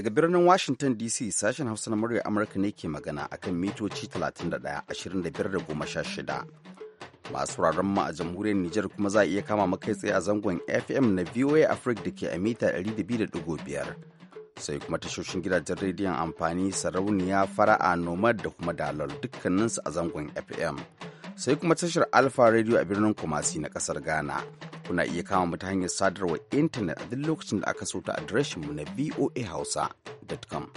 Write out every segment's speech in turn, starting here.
Daga birnin Washington DC sashen Hausa na murya Amurka ne ke magana a kan mitoci 31 25 shida Masu wuraren mu a jamhuriyar Nijar kuma za a iya kama makai tsaye a zangon FM na VOA Africa da ke a mita 200.5. Sai kuma tashoshin gidajen rediyon amfani sarauniya fara'a nomad da kuma dalol dukkaninsu a zangon FM. sai kuma tashar Alfa Radio a birnin Kumasi na kasar Ghana. Kuna iya kama mu ta hanyar sadarwar intanet a duk lokacin da aka so ta adireshin mu na voahausa.com.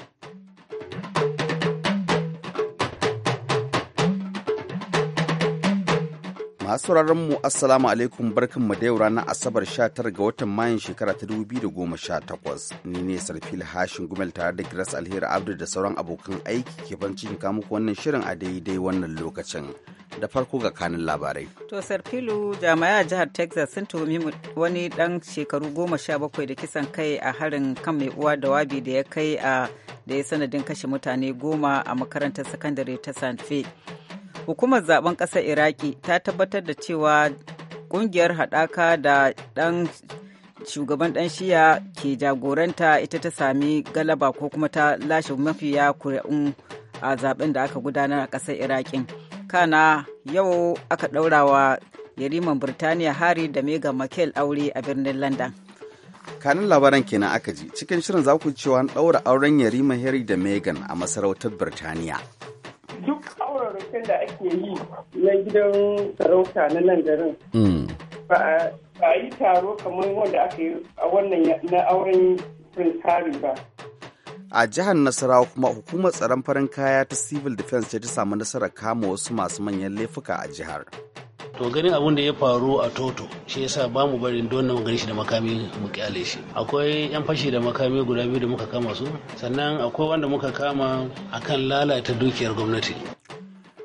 masu sauraron mu assalamu alaikum barkan mu da yau ranar asabar 19 ga watan mayun shekara ta 2018 ni ne sarfil hashin gumel tare da giras alheri abdu da sauran abokan aiki ke ban cikin muku wannan shirin a daidai wannan lokacin da farko ga kanin labarai to sarfilu jami'a jihar texas sun tuhumi wani dan shekaru 17 da kisan kai a harin kan mai uwa da wabi da ya kai a da ya sanadin kashe mutane goma a makarantar sakandare ta san hukumar zaben ƙasar iraki ta tabbatar da cewa ƙungiyar haɗaka da ɗan shugaban ɗan shiya ke jagoranta ita ta sami galaba ko kuma ta lashe mafiya kuri'un a zaben da aka gudanar a ƙasar iraki kana yau aka ɗaurawa yariman birtaniya hari da mega makel aure a birnin london kanin labaran kenan aka ji cikin shirin za ku cewa an ɗaura auren yarima harry da megan a masarautar birtaniya duk roƙen da ake yi na gidan sarauta na nan garin hmm. ba a yi taro kamar wanda aka yi a wannan na auren prince harry ba a jihar nasarawa kuma hukumar tsaron farin kaya ta civil defense ce ta samu nasarar kama wasu masu manyan laifuka a jihar to ganin abin da ya faru a toto shi yasa ba mu barin don mu gani shi da makami mu kyale shi akwai yan fashi da makami guda biyu da muka kama su sannan akwai wanda muka kama akan lalata dukiyar gwamnati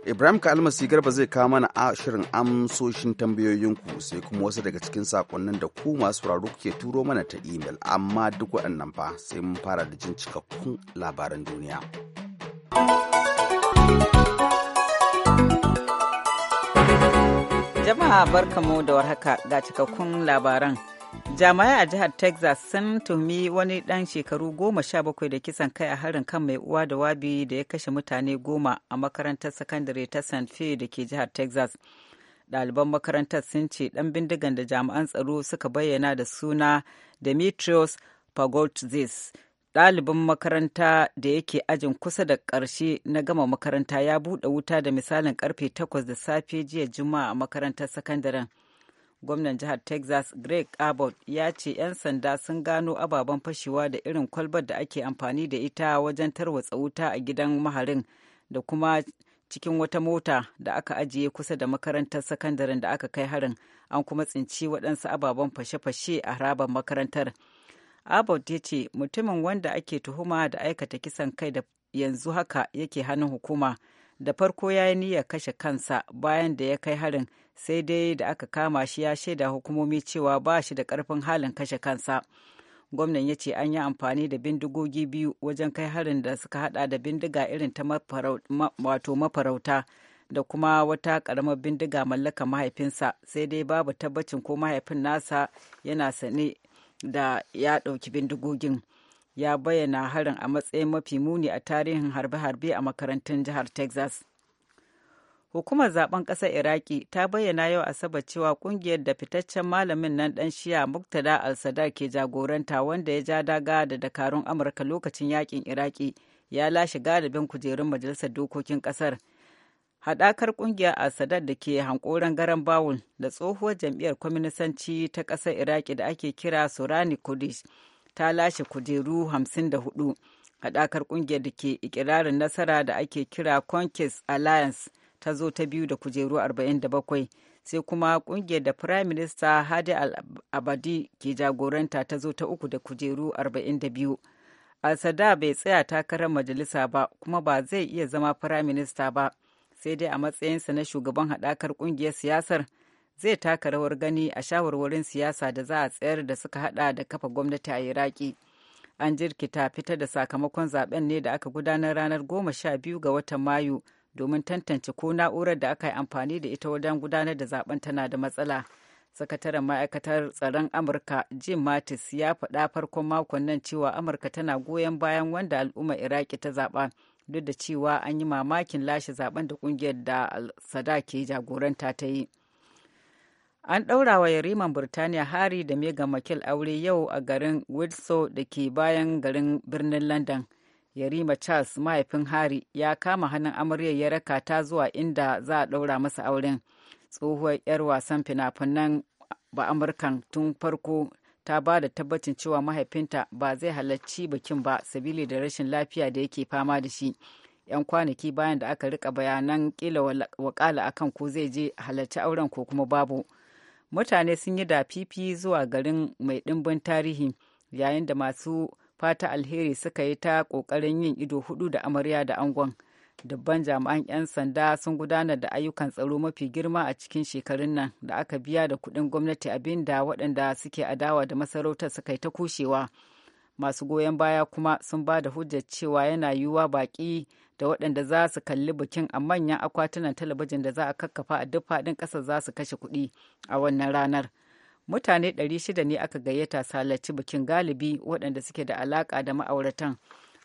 Ibrahim Kalmasi Garba zai kawo mana ashirin amsoshin tambayoyinku sai kuma wasu daga cikin sakonnin da ku masu sauraro ke turo mana ta imel amma duk waɗannan fa sai mun fara da jin cikakkun labaran duniya. Jama'a barkamu da warhaka ga cikakkun labaran. jami'ai a jihar texas sun tuhumi wani dan shekaru goma sha bakwai da kisan kai a harin kan mai uwa da wabi da ya kashe mutane goma a makarantar sakandare ta san fe da ke jihar texas ɗaliban makarantar sun ce ɗan bindigan da jami'an tsaro suka bayyana da suna demetrius pagotzis ɗalibin makaranta da yake ajin kusa da ƙarshe na gama makaranta ya buɗe wuta da misalin karfe 8 da safe jiya juma'a a makarantar sakandaren gwamnan jihar texas greg abbott ya ce 'yan sanda sun gano ababen fashewa da irin kwalbar da ake amfani da ita wajen tarwatsa wuta a gidan maharin da kuma cikin wata mota da aka ajiye kusa da makarantar sakandaren da aka kai harin an kuma tsinci waɗansu ababen fashe-fashe a harabar makarantar abbott ya ce mutumin wanda ake tuhuma da aikata kisan kai da yanzu haka yake hannun hukuma da farko ya yi niyyar kashe kansa bayan da ya kai harin sai dai da aka kama shi ya shaida hukumomi cewa ba shi da karfin halin kashe kansa gwamnan ya ce an yi amfani da bindigogi biyu wajen kai harin da suka hada da bindiga irin ta wato mafarauta da kuma wata karamar bindiga mallaka mahaifinsa sai dai babu tabbacin ko mahaifin nasa yana sane da ya ɗauki bindigogin ya bayyana harin a matsayin mafi muni a tarihin harbe-harbe a makarantun jihar texas Hukumar zaben ƙasar Iraki ta bayyana yau Asabar cewa ƙungiyar da fitaccen malamin nan ɗan shiya Muktada al-Sadar ke jagoranta wanda ya ja daga da dakarun Amurka lokacin yakin Iraki ya lashe galibin kujerun majalisar dokokin ƙasar. Haɗakar ƙungiyar al-Sadar da ke hankoran garan Bawul da tsohuwar jam'iyyar kwaminisanci ta ƙasar Iraki da ake kira Surani kudish ta lashe kujeru 54. Haɗakar ƙungiyar da ke ikirarin nasara da ake kira Conquest Alliance ta zo ta biyu da kujeru 47 sai kuma kungiyar da prime minister hadi al-abadi ke jagoranta ta zo ta uku da kujeru 42 al-sada bai tsaya takarar majalisa ba kuma ba zai iya zama prime minister ba sai dai a matsayinsa na shugaban haɗakar kungiyar siyasar zai taka rawar gani a shawarwarin siyasa da za a tsayar da suka haɗa da kafa gwamnati a iraki an jirkita fitar da sakamakon zaben ne da aka gudanar ranar goma sha biyu ga watan mayu domin tantance ko na'urar da aka yi amfani da ita wajen gudanar da zaben tana da matsala sakataren ma'aikatar tsaron amurka jim mattis ya faɗa farkon makon nan cewa amurka tana goyon bayan wanda al'umma iraki ta zaɓa duk da cewa an yi mamakin lashe zaben da ƙungiyar da sada ke jagoranta ta yi an ɗaura wa yariman burtaniya hari da mega makil aure yau a garin windsor da ke bayan garin birnin london yarima charles mahaifin hari ya kama hannun amaryar ya raka ta zuwa inda za a ɗaura masa auren tsohuwar 'yar wasan finafinan finan ba amurkan tun farko ta ba da tabbacin cewa mahaifinta ba zai halarci bikin ba sabili da rashin lafiya da yake fama da shi yan kwanaki bayan da aka rika bayanan kila wakala akan ko zai je halarci auren ko kuma babu mutane sun yi da fifi zuwa garin mai ɗimbin tarihi yayin da masu fata alheri suka yi ta ƙoƙarin yin ido hudu da amarya da angon dubban jami'an 'yan sanda sun gudanar da ayyukan tsaro mafi girma a cikin shekarun nan da aka biya da kuɗin gwamnati abin da waɗanda suke adawa da masarautar suka yi ta kushewa masu goyon baya kuma sun ba da hujjar cewa yana yiwuwa baƙi da waɗanda za su kalli bikin a manyan akwatunan talabijin da za a kakkafa a duk faɗin ƙasar za su kashe kuɗi a wannan ranar. mutane 600 ne aka gayyata su halarci bikin galibi waɗanda suke da alaƙa da ma'auratan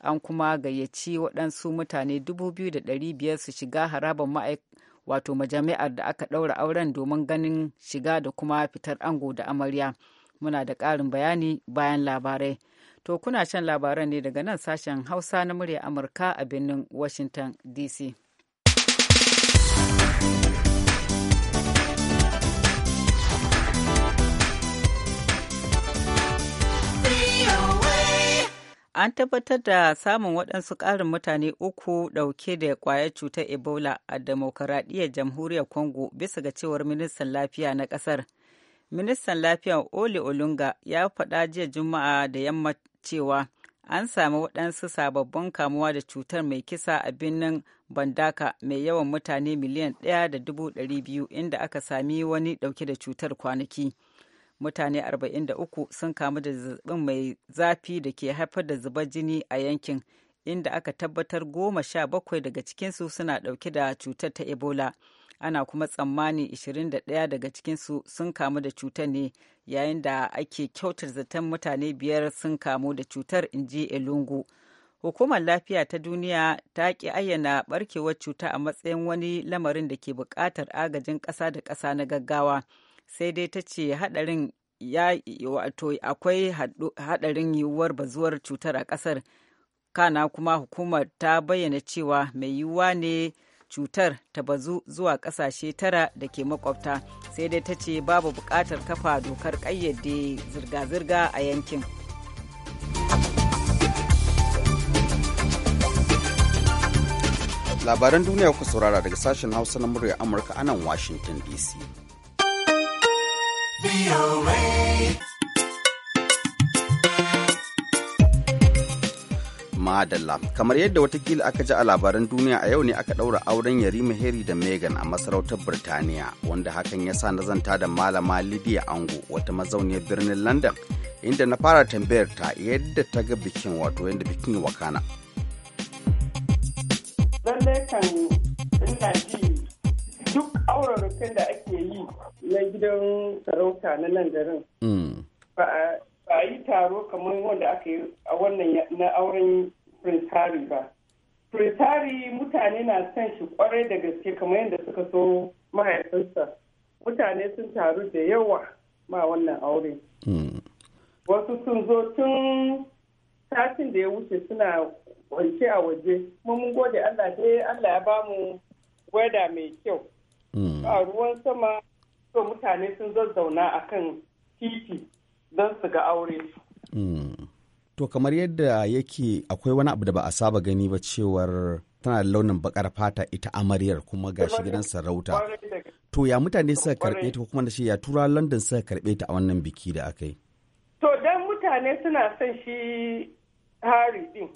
an kuma gayyaci waɗansu mutane 2,500 su shiga harabar ma'aik wato majami'ar da aka ɗaura auren domin ganin shiga da kuma fitar ango da amarya muna da ƙarin bayani bayan labarai to kuna shan labaran ne daga nan sashen hausa na murya amurka a birnin washington dc an tabbatar da samun waɗansu ƙarin mutane uku ɗauke da ƙwayar cutar ebola a demokaradiyyar jamhuriyar congo bisa ga cewar ministan lafiya na ƙasar ministan lafiya ole olunga ya faɗa jiya juma'a da yamma cewa an sami waɗansu sababbin kamuwa da cutar mai kisa a birnin bandaka mai yawan mutane miliyan ɗaya inda aka sami wani ɗauke da cutar kwanaki mutane 43 sun kamu da zazzabin mai zafi da ke haifar da zubar jini a yankin inda aka tabbatar goma sha bakwai daga cikinsu suna ɗauke da cutar ta ebola ana kuma tsammani 21 daga cikinsu sun kamu da cutar ne yayin da ake kyautar zaton mutane biyar sun kamu da cutar inji elungu hukumar lafiya ta duniya ta ki ayyana barkewar cuta a matsayin wani lamarin da ke buƙatar agajin ƙasa da ƙasa na gaggawa sai dai ta ce hadarin ya wato akwai hadarin yiwuwar bazuwar cutar a kasar kana kuma hukumar ta bayyana cewa mai yiwuwa ne cutar ta bazu zuwa kasashe tara da ke makwabta sai dai ta ce babu bukatar kafa dokar kayyade zirga-zirga a yankin. labaran duniya ku saurara daga sashen hausa na murya amurka anan washington dc Madalla, kamar yadda watakila aka ji a labaran duniya a yau ne aka ɗaura auren Yarima Heri da Megan a masarautar Birtaniya, wanda hakan ya sa nazanta da malama Lydia Ango wata mazauniyar birnin London, inda na fara tambayar ta yadda ta ga bikin wato yadda bikin wakana. Lallai kan ina duk auren da ake na gidan sarauta na nan garin mm. ba a yi taro kamar wanda aka yi a wannan na auren prince harry ba prince harry mutane na son shi kwarai da gaske kamar yadda suka so mahaifinsa mutane sun taru da yawa ma wannan aure mm. wasu sun zo tun satin da ya wuce suna kwance a waje kuma mun gode allah dai allah ya bamu weda mai kyau mm. a ruwan sama so mutane sun zazzauna a kan titi don su ga aure. Hmm. To kamar yadda yake akwai wani abu da ba a saba gani ba cewar tana da launin bakar fata ita amaryar kuma ga shi gidan sarauta. To ya mutane suka karɓe ta kuma da shi ya tura London suka karɓe ta a wannan biki da aka yi. To dan mutane suna son shi hari din.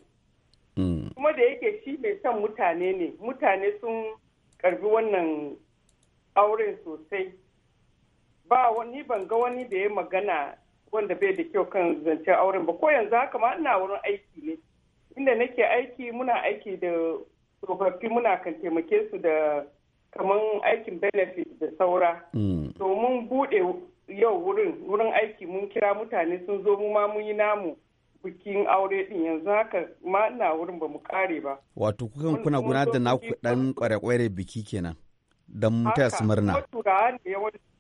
Hmm. Kuma da yake shi mai son mutane ne, mutane sun karbi wannan auren sosai. ba wani ban ga wani da ya magana wanda bai da kyau kan zancen auren ba ko yanzu haka ma ina wurin aiki ne inda nake aiki muna aiki da tsofaffi muna kan taimake su da kaman aikin benefit da saura mm. to mun bude yau wurin wurin aiki mun kira mutane sun zo mu ma mun yi namu bikin aure din yanzu haka ma ina wurin ba mu kare ba wato kukan kuna gudanar da naku dan kware-kware biki kenan don taya su murna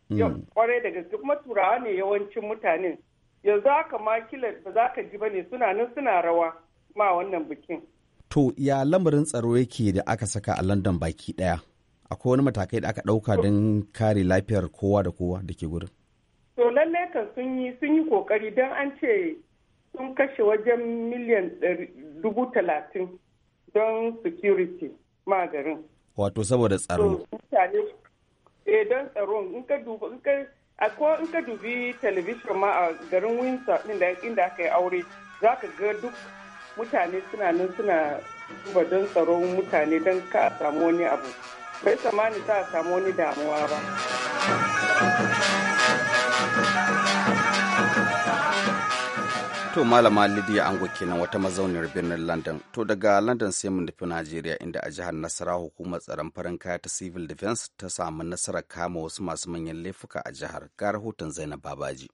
Mm. kwarai daga duk kuma ne yawancin mutanen yanzu haka ma kila ba za ka ji bane suna nan suna rawa ma wannan bikin to ya lamarin tsaro yake da aka saka a london baki daya akwai wani matakai da aka dauka don kare lafiyar kowa da kowa da ke gurin to lallai kan sun yi sun yi kokari don an ce sun kashe wajen miliyan dubu talatin don security ma garin wato saboda tsaro eh don tsaron in ka duba in ka ko in ka dubi television ma a garin Windsor din da inda aka yi aure za ka ga duk mutane suna nan suna duba don tsaron mutane don ka samu wani abu bai samani za a samu wani damuwa ba. To Malama Lidiya Ango kenan wata mazauniyar birnin London. To daga London sai mun nufi Najeriya inda a jihar nasara hukumar tsaron farin kaya ta Civil Defense ta samu nasarar kama wasu masu manyan laifuka a jihar. Ga rahoton Zainab Babaji.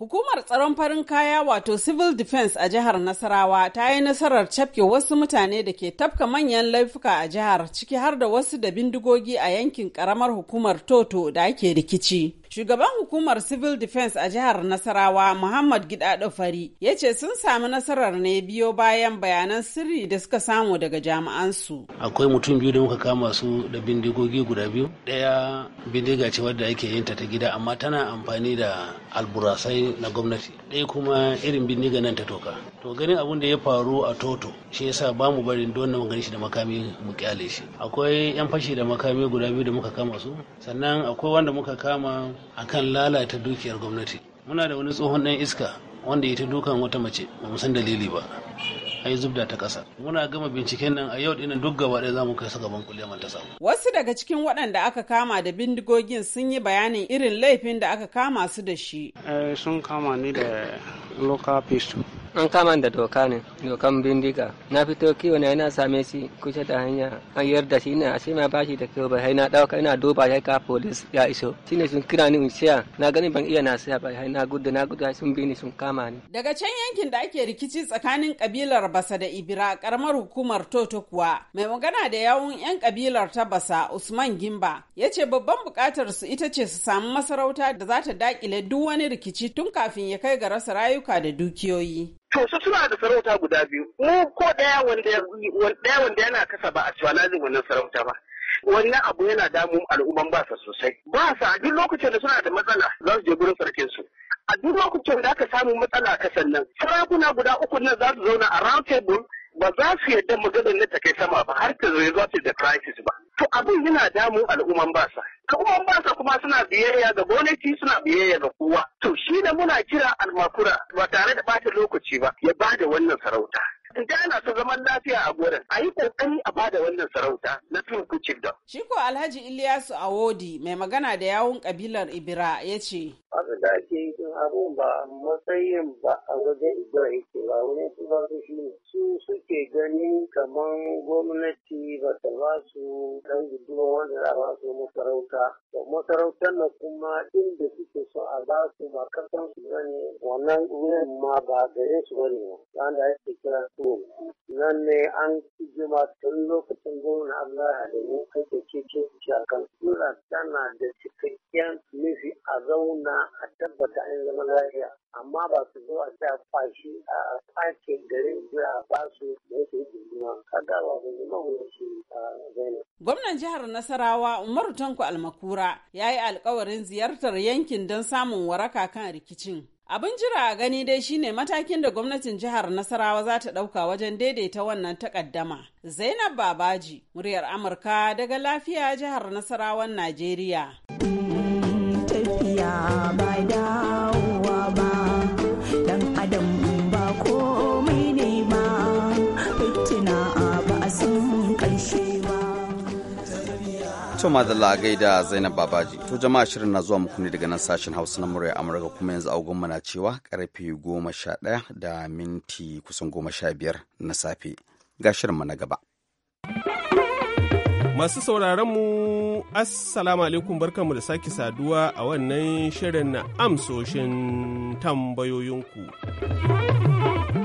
Hukumar tsaron farin kaya wato Civil Defense a jihar Nasarawa ta yi nasarar cafke wasu mutane da ke tafka manyan laifuka a jihar ciki har da wasu da bindigogi a yankin karamar hukumar Toto da ake rikici. Shugaban hukumar Civil Defense a jihar Nasarawa Muhammad Gidado Fari ya ce sun sami nasarar ne biyo bayan bayanan sirri da suka samu daga jami'ansu. Akwai mutum biyu da muka kama su da bindigogi guda biyu. Ɗaya bindiga ce wadda ake yin ta ta gida amma tana amfani da alburasai na gwamnati. Ɗaya kuma irin bindiga nan ta toka. To ganin abin da ya faru a Toto shi yasa ba mu barin don mu gani shi da makami mu kyale shi. Akwai 'yan fashi da makami guda biyu da muka kama su. Sannan akwai wanda muka kama akan lalata dukiyar gwamnati muna da wani tsohon ɗan iska wanda ya ta dukan wata mace ba mu san dalili ba ai zubda ta ƙasa muna gama binciken nan a yau dinan duk gaba ɗaya mu kai su gaban kuliyar ta samu wasu daga cikin waɗanda aka kama da bindigogin sun yi bayanin irin laifin da aka kama su da shi eh, sun kama ni da local pistol an kama da doka ne dokan bindiga na fito kiwo na yana same shi kusa da hanya an yar da shi ne a ma bashi da kiwo bai na dauka ina duba shi ka polis ya iso Shi ne sun kira ni siya na gani ban iya na siya bai na gudu na gudu sun bi ni sun kama ni daga can yankin da ake rikici tsakanin kabilar basa da ibira karamar hukumar toto kuwa mai magana da yawun yan kabilar ta basa usman gimba ya ce babban bukatar su ita ce su samu masarauta da za ta dakile duk wani rikici tun kafin ya kai ga rasa rayuka da dukiyoyi to su suna da sarauta guda biyu mu ko daya wanda yana kasa ba a cewa lazim wannan sarauta ba wannan abu yana damun al'umman ba sa sosai ba sa a duk lokacin da suna da matsala za su je gurin sarkin su a duk lokacin da aka samu matsala a kasan nan sarakuna guda uku nan za su zauna a round table ba za su yarda maganar na ta kai sama ba har ta zai zuwa da crisis ba to abin yana damu al'umman ba sa abubuwan basa kuma suna biyayya ga gwamnati suna biyayya ga kowa to shi da muna kira almakura ba tare da bata lokaci ba ya da wannan sarauta idan ana so zaman lafiya a gurin a yi kokari a bada wannan sarauta na turkucin da. Shi ko Alhaji Ilyasu Awodi mai magana da yawun kabilar Ibira ya ce. Abin da ake yi abun ba matsayin ba a wajen Ibira yake ba wani su ba su shi ne. su suke gani kamar gwamnati ba ta ba su ɗan gudunma wanda za ba su masarauta. Da masarautar na kuma inda suke so a ba su ba kasan su gani wannan wurin ma ba gare su bane ba. Wanda ake kira su nan ne an jima tun lokacin gwamnati Allah da ne kake cece shakan sura tana da cikakken nufi a zauna a tabbata an zama lafiya. amma ba su zo a sa fashi a kwace garin zuwa ba su da yake ruwa, ka kaga ba su zama wani a Gwamnan jihar Nasarawa Umaru Tanko Almakura ya yi alkawarin ziyartar yankin don samun waraka kan rikicin. Abin jira a gani dai shine matakin da gwamnatin jihar Nasarawa za ta ɗauka wajen daidaita wannan takaddama. Zainab Babaji, muryar Amurka daga lafiya jihar Nasarawan Najeriya. Tafiya ba To madalla gaida Zainab Babaji. To jama'a shirin na zuwa muku ne daga nan sashen Hausa na murya Amurka kuma yanzu agogon mana cewa karfe goma sha ɗaya da minti kusan goma sha biyar na safe. Ga shirin na gaba. Masu sauraron mu Assalamu alaikum barkanmu da sake saduwa a wannan shirin na amsoshin tambayoyinku.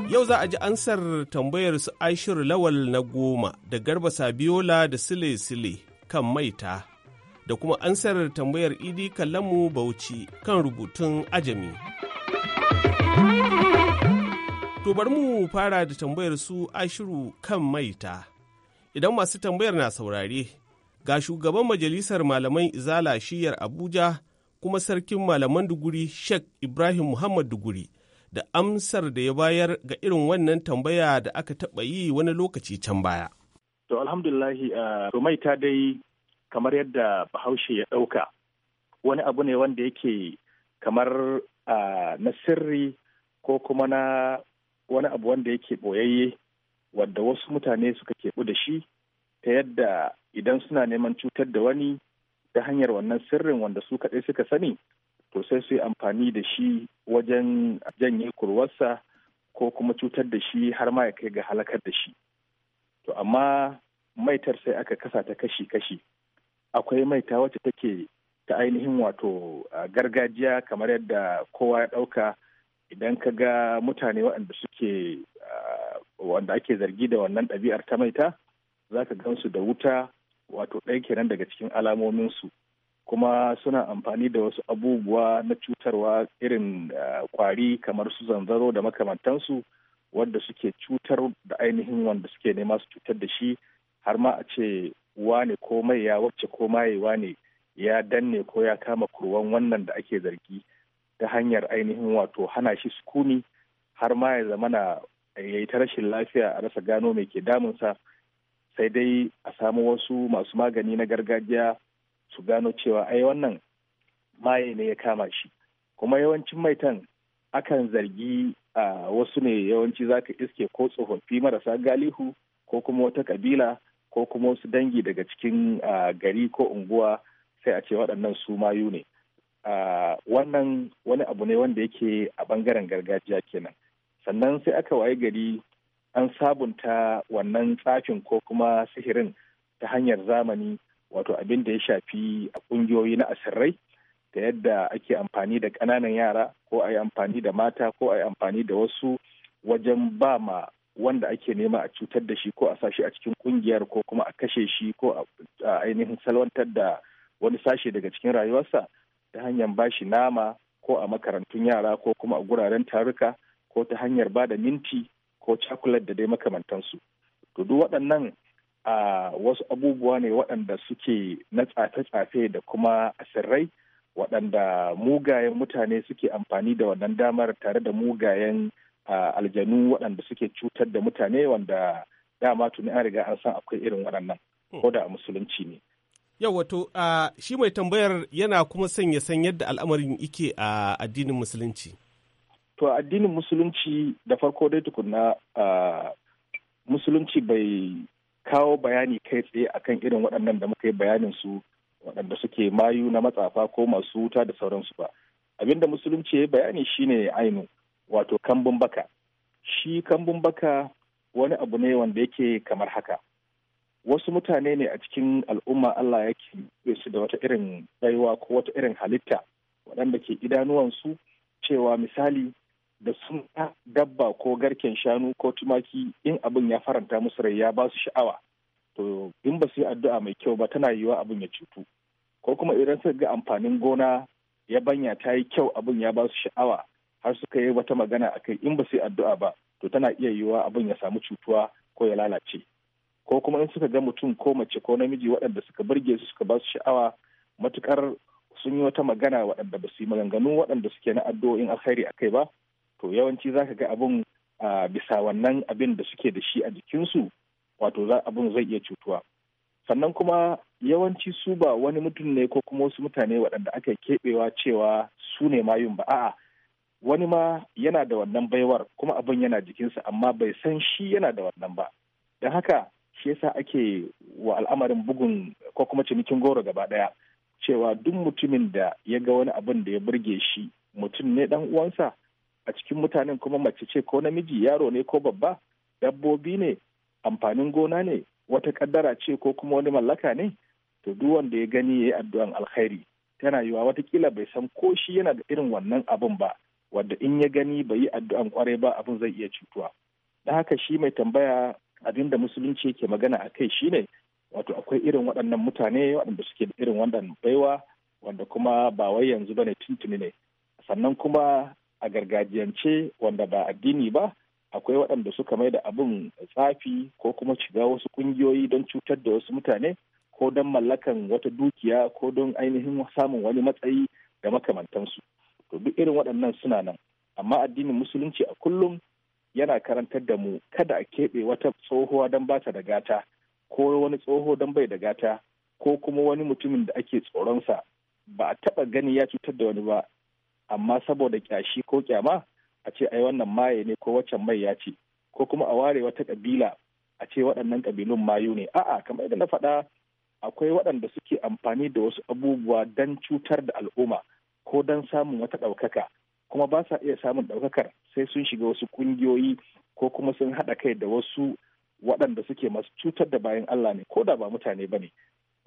Yau za a ji ansar tambayar su Aishiru Lawal na goma da Garba Sabiola da Sile Sile. kan maita da kuma ansar tambayar idi kallonmu bauchi kan rubutun ajami. To bari mu fara da tambayar su ashiru kan maita. Idan masu tambayar na saurare, ga shugaban majalisar malaman izala shiyar Abuja kuma sarkin malaman duguri Sheikh Ibrahim Muhammad duguri da amsar da ya bayar ga irin wannan tambaya da aka taɓa yi wani lokaci can baya. To alhamdulillahi uh, to maita dai kamar yadda bahaushe ya ɗauka wani abu ne wanda yake kamar uh, na sirri ko kuma na wani abu wanda yake ɓoyayye wadda wasu mutane suka keɓu da shi ta yadda idan suna neman cutar da wani ta hanyar wannan sirrin wanda su kaɗai suka sani to sai su yi amfani da shi wajen janye kurwarsa ko kuma cutar da shi har ma ya kai ga halakar da shi. to amma maitar sai aka kasa ta kashi-kashi akwai maita wacce take ta ainihin wato ah, gargajiya kamar yadda kowa ya ɗauka idan ka ga mutane waɗanda suke ah, wanda ake zargi da wannan ɗabi'ar ta maita za ka gansu da wuta wato ɗaya kenan daga cikin alamominsu kuma suna amfani da wasu abubuwa na cutarwa irin ah, kwari kamar su zanzaro da makamantansu wanda suke cutar da ainihin wanda suke nema su cutar da shi har ma a ce wane ko mai ya wacce ko mayewa ne ya danne ko ya kama kurwan wannan da ake zargi ta hanyar ainihin wato hana shi sukuni har ma ya zamana ya yi ta rashin lafiya a rasa gano mai ke damunsa sai dai a samu wasu masu magani na gargajiya su gano cewa ai wannan maye ne ya kama shi kuma yawancin maitan akan zargi wasu ne yawanci za ka iske ko tsofaffi marasa galihu ko kuma wata kabila ko kuma wasu dangi daga cikin gari ko unguwa sai a ce waɗannan su mayu ne wannan wani abu ne wanda yake a ɓangaren gargajiya kenan sannan sai aka waye gari an sabunta wannan tsafin ko kuma sihirin ta hanyar zamani wato abin da ya shafi a ƙungiyoyi na asirrai da yadda ake amfani da ƙananan yara ko a yi amfani da mata ko a yi amfani da wasu wajen ba ma wanda ake nema a cutar da shi ko a sashi a cikin kungiyar ko kuma a kashe shi ko a ainihin salwantar da wani sashe daga cikin rayuwarsa ta hanyar bashi nama ko a makarantun yara ko kuma a guraren taruka ko ta hanyar ba da minti ko cakulat da dai makamantansu to duk waɗannan a wasu abubuwa ne waɗanda suke na tsafe-tsafe da kuma asirrai waɗanda mugayen mutane suke amfani da wannan damar tare da mugayen aljanu waɗanda suke cutar da mutane wanda dama tuni an riga an san akwai irin waɗannan oh. ko da a musulunci ne. Yau wato shi mai tambayar yana kuma son ya san yadda al'amarin ike a addinin musulunci. To addinin musulunci da farko dai tukuna musulunci bai kawo bayani kai tsaye akan irin waɗannan da muka yi bayanin su waɗanda suke mayu na matsafa ko masu wuta da sauransu ba abinda musulunci ya bayani shine ainu wato kambun baka shi kambun baka wani abu ne wanda yake kamar haka wasu mutane ne a cikin al'umma Allah ya ke su da wata irin baiwa ko wata irin halitta waɗanda ke idanuwansu cewa misali da sun dabba ko garken shanu ko tumaki in abin ya faranta musu rai ya ba su sha'awa to in ba su yi addu'a mai kyau ba tana yiwuwa abin ya cutu ko kuma idan suka ga amfanin gona ya banya ta yi kyau abin ya ba su sha'awa har suka yi wata magana a kai in ba su yi addu'a ba to tana iya yiwuwa abin ya samu cutuwa ko ya lalace ko kuma in suka ga mutum ko mace ko namiji waɗanda suka burge su suka ba su sha'awa matukar sun yi wata magana waɗanda ba su yi maganganun waɗanda suke na addu'o'in alkhairi a kai ba to yawanci za ka ga abin bisa wannan abin da suke da shi a jikinsu wato za abin zai iya cutuwa sannan kuma yawanci su ba wani mutum ne ko kuma wasu mutane waɗanda aka keɓewa cewa su ne mayun ba a'a wani ma yana da wannan baiwar kuma abin yana jikinsa amma bai san shi yana da wannan ba don haka shi yasa ake wa al'amarin bugun ko kuma cinikin goro gaba ɗaya cewa duk mutumin da ya ga wani abin da ya burge shi mutum ne dan uwansa a cikin mutanen kuma mace ce ko namiji yaro ne ko babba dabbobi ne amfanin gona ne wata kaddara ce ko kuma wani mallaka ne to duk wanda ya gani ya yi addu'an alkhairi tana yiwa watakila bai san ko shi yana da irin wannan abun ba wanda in ya gani bai yi addu'an kwarai ba abin zai iya cutuwa da haka shi mai tambaya abin da musulunci yake magana a kai shine wato akwai irin waɗannan mutane waɗanda suke da irin wannan baiwa wanda kuma ba wai yanzu bane tuntuni ne sannan kuma a gargajiyance wanda ba addini ba akwai waɗanda suka mai da abin tsafi ko kuma shiga wasu ƙungiyoyi don cutar da wasu mutane ko don mallakan wata dukiya ko don ainihin samun wani matsayi da makamantansu to duk irin waɗannan suna nan amma addinin musulunci a kullum yana karantar da mu kada a keɓe wata tsohuwa don ba ta da gata ko wani tsoho don bai da gata ko kuma wani mutumin da ake tsoronsa ba a taɓa gani ya cutar da wani ba amma saboda ƙyashi ko ƙyama a ce ai wannan maye ne ko waccan mai ya ce ko kuma a ware wata ƙabila a ce waɗannan ƙabilun mayu ne a'a kamar yadda na faɗa akwai waɗanda suke amfani da wasu abubuwa don cutar da al'umma ko don samun wata ɗaukaka kuma ba sa iya samun ɗaukakar sai sun shiga wasu ƙungiyoyi ko kuma sun haɗa kai da wasu waɗanda suke masu cutar da bayan Allah ne ko da ba mutane ba ne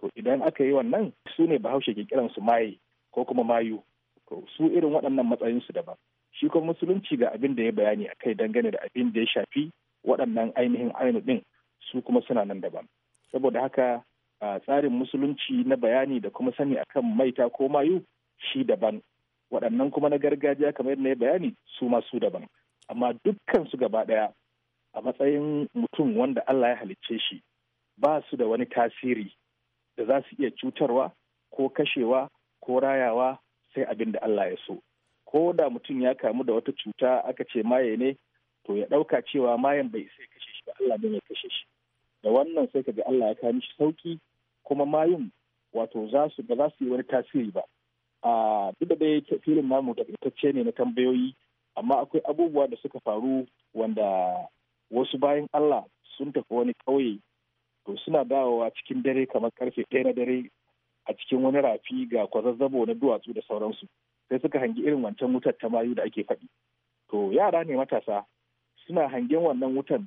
to idan aka yi wannan su ne bahaushe ke kiransu maye ko kuma mayu to su irin waɗannan matsayinsu daban shi kuma musulunci ga abin da ya bayani a kai dangane da abin da ya shafi waɗannan ainihin ainihin su kuma suna nan daban saboda haka a tsarin musulunci na bayani da kuma sani akan maita ko mayu shi daban waɗannan kuma na gargajiya kamar yadda ya bayani su masu daban amma dukkan su gaba ɗaya a matsayin mutum wanda Allah ya halicce shi ba su da wani tasiri da za su iya cutarwa ko kashewa ko rayawa sai abin da Allah ya so ko da mutum ya kamu da wata cuta aka ce maye ne to ya ɗauka cewa mayan bai sai kashe shi ba Allah ne ya kashe shi da wannan sai kaga Allah ya kawo shi sauki kuma mayun wato za su ba za su yi wani tasiri ba a duk da dai filin namu takaitacce ne na tambayoyi amma akwai abubuwa da suka faru wanda wasu bayan Allah sun tafi wani ƙauye to suna dawowa cikin dare kamar karfe ɗaya na dare a cikin wani rafi ga kwazazzabo na duwatsu da sauransu sai suka hangi irin wancan wutar ta mayu da ake faɗi to yara ne matasa suna hangen wannan wutan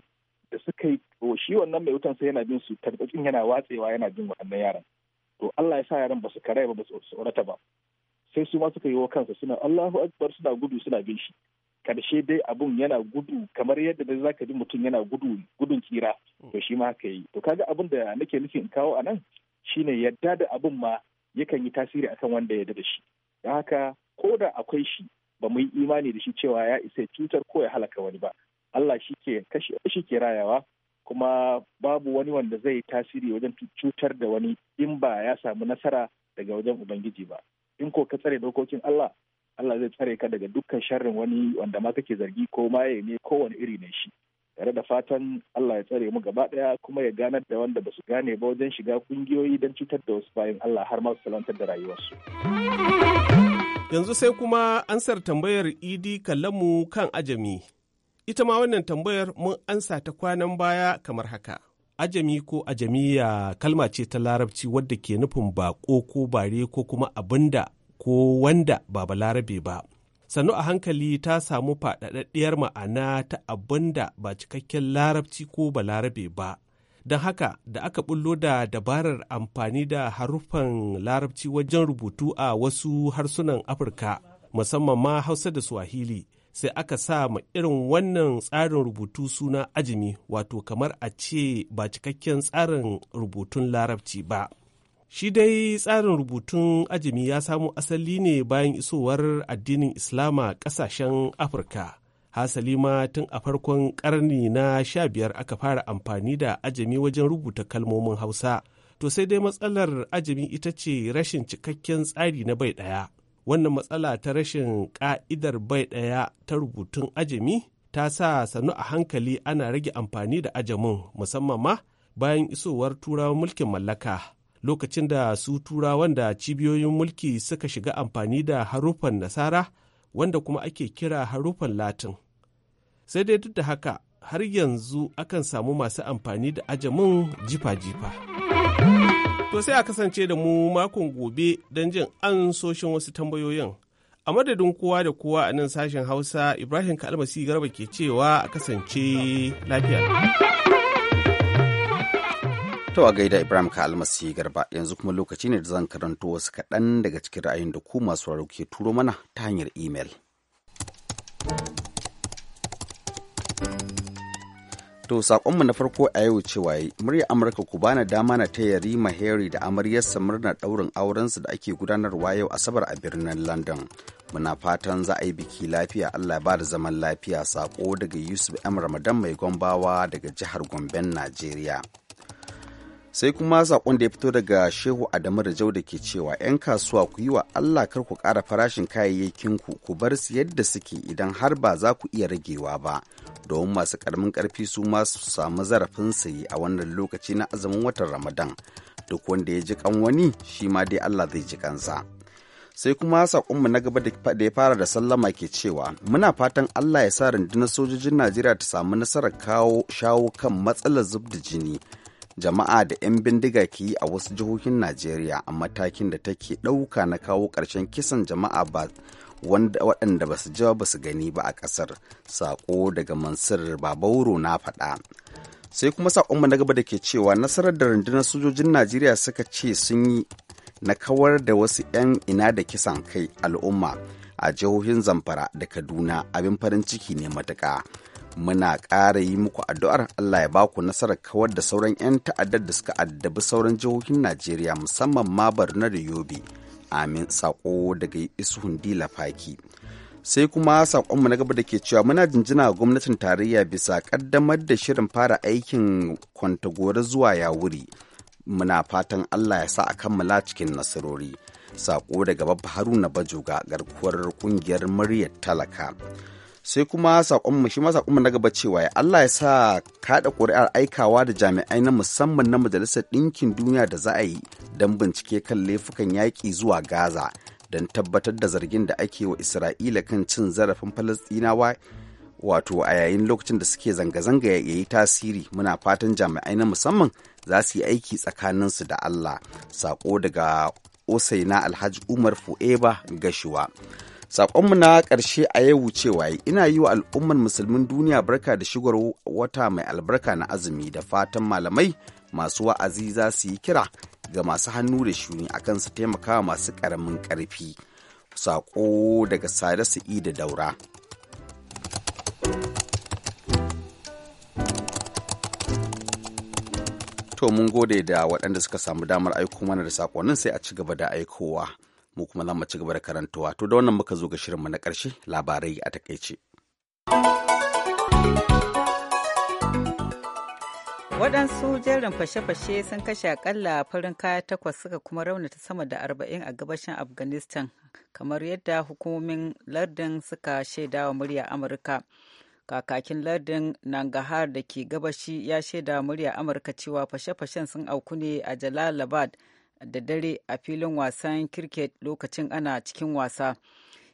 da suka yi to shi wannan mai wutan sai yana bin su tarbakin yana watsewa yana bin waɗannan yaran to Allah ya sa yaran ba su karaya ba ba su tsorata ba sai su ma suka yi wa kansa suna Allahu akbar suna gudu suna bin shi karshe dai abun yana gudu kamar yadda dai zaka ji mutum yana gudu gudun kira to shi ma haka yi to kaga abin da nake nufin in kawo anan shine yadda da abun ma yakan yi tasiri akan wanda ya da shi don haka ko da akwai shi ba mu yi imani da shi cewa ya isa cutar ko ya halaka wani ba Allah shi ke shi ke rayawa kuma babu wani wanda zai tasiri wajen cutar da wani in ba ya samu nasara daga wajen ubangiji ba in ko ka tsare dokokin Allah Allah zai tsare ka daga dukkan sharrin wani wanda ma kake zargi ko maye ne kowane iri ne shi tare da fatan Allah ya tsare mu gaba ɗaya kuma ya ganar da wanda ba su gane ba wajen shiga kungiyoyi don cutar da wasu bayan Allah har ma su salantar da rayuwarsu. Yanzu sai kuma ansar tambayar Idi mu kan ajami Ita ma wannan tambayar mun ansa ta kwanan baya kamar haka. Ajami ko ajamiya kalma ce ta larabci wadda ke nufin baƙo ko bare ko kuma abinda ko wanda ba larabe ba. Sannu a hankali ta samu faɗaɗaɗɗiyar ma'ana ta abinda ba cikakken larabci ko ba larabe ba. Don haka da aka bullo da dabarar amfani da haruffan larabci wajen rubutu a wasu harsunan Afirka, musamman ma Hausa da Swahili. sai aka sa ma irin wannan tsarin rubutu suna ajimi wato kamar a ce ba cikakken tsarin rubutun larabci ba shi dai tsarin rubutun ajimi ya samo asali ne bayan isowar addinin islama ƙasashen afirka hasali ma tun a farkon ƙarni na sha biyar aka fara amfani da ajami wajen rubuta kalmomin hausa to sai dai matsalar ajimi ita ce rashin cikakken tsari na bai ɗaya wannan matsala ta rashin ka'idar bai ɗaya ta rubutun ajami ta sa sanu a hankali ana rage amfani da ajamin musamman ma bayan isowar turawan mulkin mallaka lokacin da su turawan da cibiyoyin mulki suka shiga amfani da haruffan nasara wanda kuma ake kira haruffan latin sai dai duk da haka har yanzu akan samu masu amfani da ajamin jifa-jifa. To sai a kasance da mu makon gobe don jin an soshin wasu tambayoyin. A madadin kowa da kowa a nan sashen Hausa, Ibrahim Kalmasi Garba ke cewa a kasance lafiya. To a gaida Ibrahim Kalmasi Garba yanzu kuma lokaci ne da zan karanto wasu kaɗan daga cikin ra'ayin da ku masu ke turo mana ta hanyar imel. To saƙonmu na farko a yau cewa murya Amurka ku bana dama na ta yari Harry da amaryarsa murnar ɗaurin aurensu da ake gudanarwa yau Asabar a birnin London. Muna fatan za a yi biki lafiya Allah ba da zaman lafiya saƙo daga Yusuf M Ramadan mai gombawa daga jihar Gomben Najeriya. sai kuma saƙon da ya fito daga shehu adamu da jau da ke cewa 'yan kasuwa ku yi wa allah kar ku kara farashin kayayyakin ku ku bar su yadda suke idan har ba za ku iya ragewa ba domin masu ƙaramin ƙarfi su ma su samu zarafin sayi a wannan lokaci na azumin watan ramadan duk wanda ya ji kan wani shi ma dai allah zai ji kansa sai kuma saƙonmu na gaba da ya fara da sallama ke cewa muna fatan allah ya sa rundunar sojojin najeriya ta samu nasarar kawo shawo kan matsalar zub da jini jama'a da 'yan bindiga ke yi a wasu jihohin najeriya a matakin da take ɗauka na kawo ƙarshen kisan jama'a ba waɗanda ba su ji ba su gani ba a ƙasar saƙo daga mansur babauro na faɗa sai kuma saƙonmu na gaba da ke cewa nasarar da rundunar sojojin najeriya suka ce sun yi na kawar da wasu 'yan ina da kisan kai al'umma a jihohin zamfara da kaduna abin farin ciki ne matuƙa muna ƙara yi muku addu'ar Allah ya baku nasarar kawar da sauran 'yan ta'addar da suka addabi sauran jihohin Najeriya musamman ma Barna da Yobe. Amin sako daga isu Dila Faki. Sai kuma saƙonmu na gaba da ke cewa muna jinjina gwamnatin tarayya bisa ƙaddamar da shirin fara aikin kwantagora zuwa ya wuri Muna fatan Allah ya sa a kammala cikin nasarori. Sako daga babba Haruna Bajoga garkuwar ƙungiyar muryar talaka. sai kuma saƙon shi ma saƙon na gaba cewa ya Allah ya sa kaɗa ƙuri'ar aikawa da jami'ai na musamman na majalisar ɗinkin duniya da za a yi don bincike kan laifukan yaƙi zuwa Gaza don tabbatar da zargin da ake wa Isra'ila kan cin zarafin Falastinawa wato a yayin lokacin da suke zanga-zanga ya yi tasiri muna fatan jami'ai na musamman za su yi aiki su da Allah saƙo daga Osaina Alhaji Umar Fu'eba Gashuwa. Saƙonmu na ƙarshe a yau cewa ina yi wa al'ummar musulmin duniya barka da shigar wata mai albarka na azumi da fatan malamai masu wa'azi za su yi kira ga masu hannu da shuni akan su taimakawa masu ƙaramin ƙarfi. Saƙo daga sada Sa'i da Daura. To mun gode da waɗanda suka samu damar aiko mana da saƙonnin sai a ci gaba da aikowa. mu kuma za mu ci gaba da karantawa to da wannan muka zo ga shirinmu na ƙarshe labarai a takaice. waɗansu jerin fashe-fashe sun kashe akalla farin kaya takwas suka kuma raunata sama da arba'in a gabashin afghanistan kamar yadda hukumomin lardin suka shaida wa murya amurka kakakin lardin nangahar da ke gabashi ya shaida murya amurka cewa fashe-fashen sun auku ne a jalalabad da dare a filin wasan kirket lokacin ana cikin wasa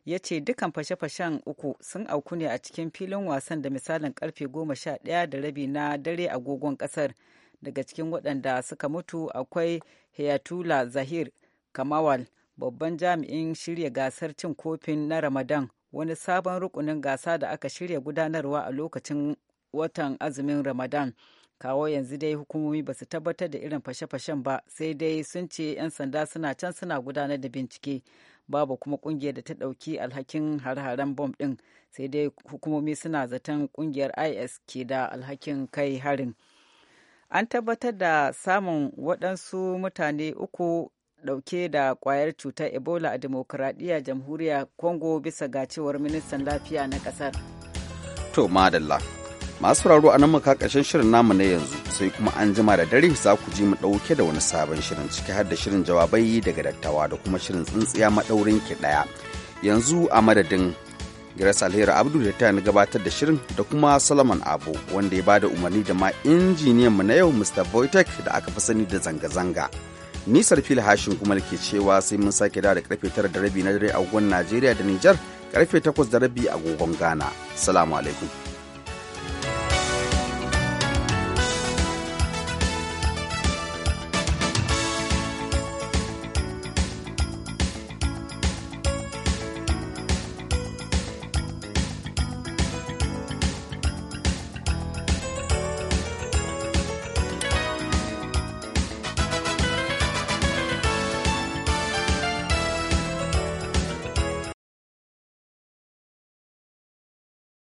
ya ce dukan fashe-fashen uku sun auku ne a cikin filin wasan da misalin karfe goma sha ɗaya da rabi na dare agogon ƙasar daga cikin waɗanda suka mutu akwai hayatula zahir kamawal babban jami'in shirya gasar cin kofin na ramadan wani sabon rukunin gasa da aka shirya gudanarwa a lokacin watan azumin ramadan kawo yanzu dai hukumomi ba su tabbatar da irin fashe-fashen ba sai dai sun ce 'yan sanda suna can suna gudanar da bincike babu kuma kungiyar da ta ɗauki alhakin har-haren bom ɗin sai dai hukumomi suna zaton kungiyar is ke da alhakin kai harin an tabbatar da samun waɗansu mutane uku ɗauke da ƙwayar cutar ebola a demokuraɗiyya jamhuriyar congo bisa ga cewar ministan lafiya na ƙasar to madalla masu sauraro a nan muka ƙarshen shirin namu na yanzu sai kuma an jima da dare za ku ji mu ɗauke da wani sabon shirin ciki har da shirin jawabai daga dattawa da kuma shirin tsintsiya maɗaurin ki ɗaya yanzu a madadin Giras Alheri Abdu da ta gabatar da shirin da kuma Solomon Abu wanda ya bada umarni da ma injiniyan mu na yau Mr. Voitek da aka fi sani da zanga-zanga. Nisar sarfil hashin kuma ke cewa sai mun sake da da karfe tara da rabi na dare a Najeriya da Nijar karfe takwas da rabi a gogon Ghana. Salamu alaikum.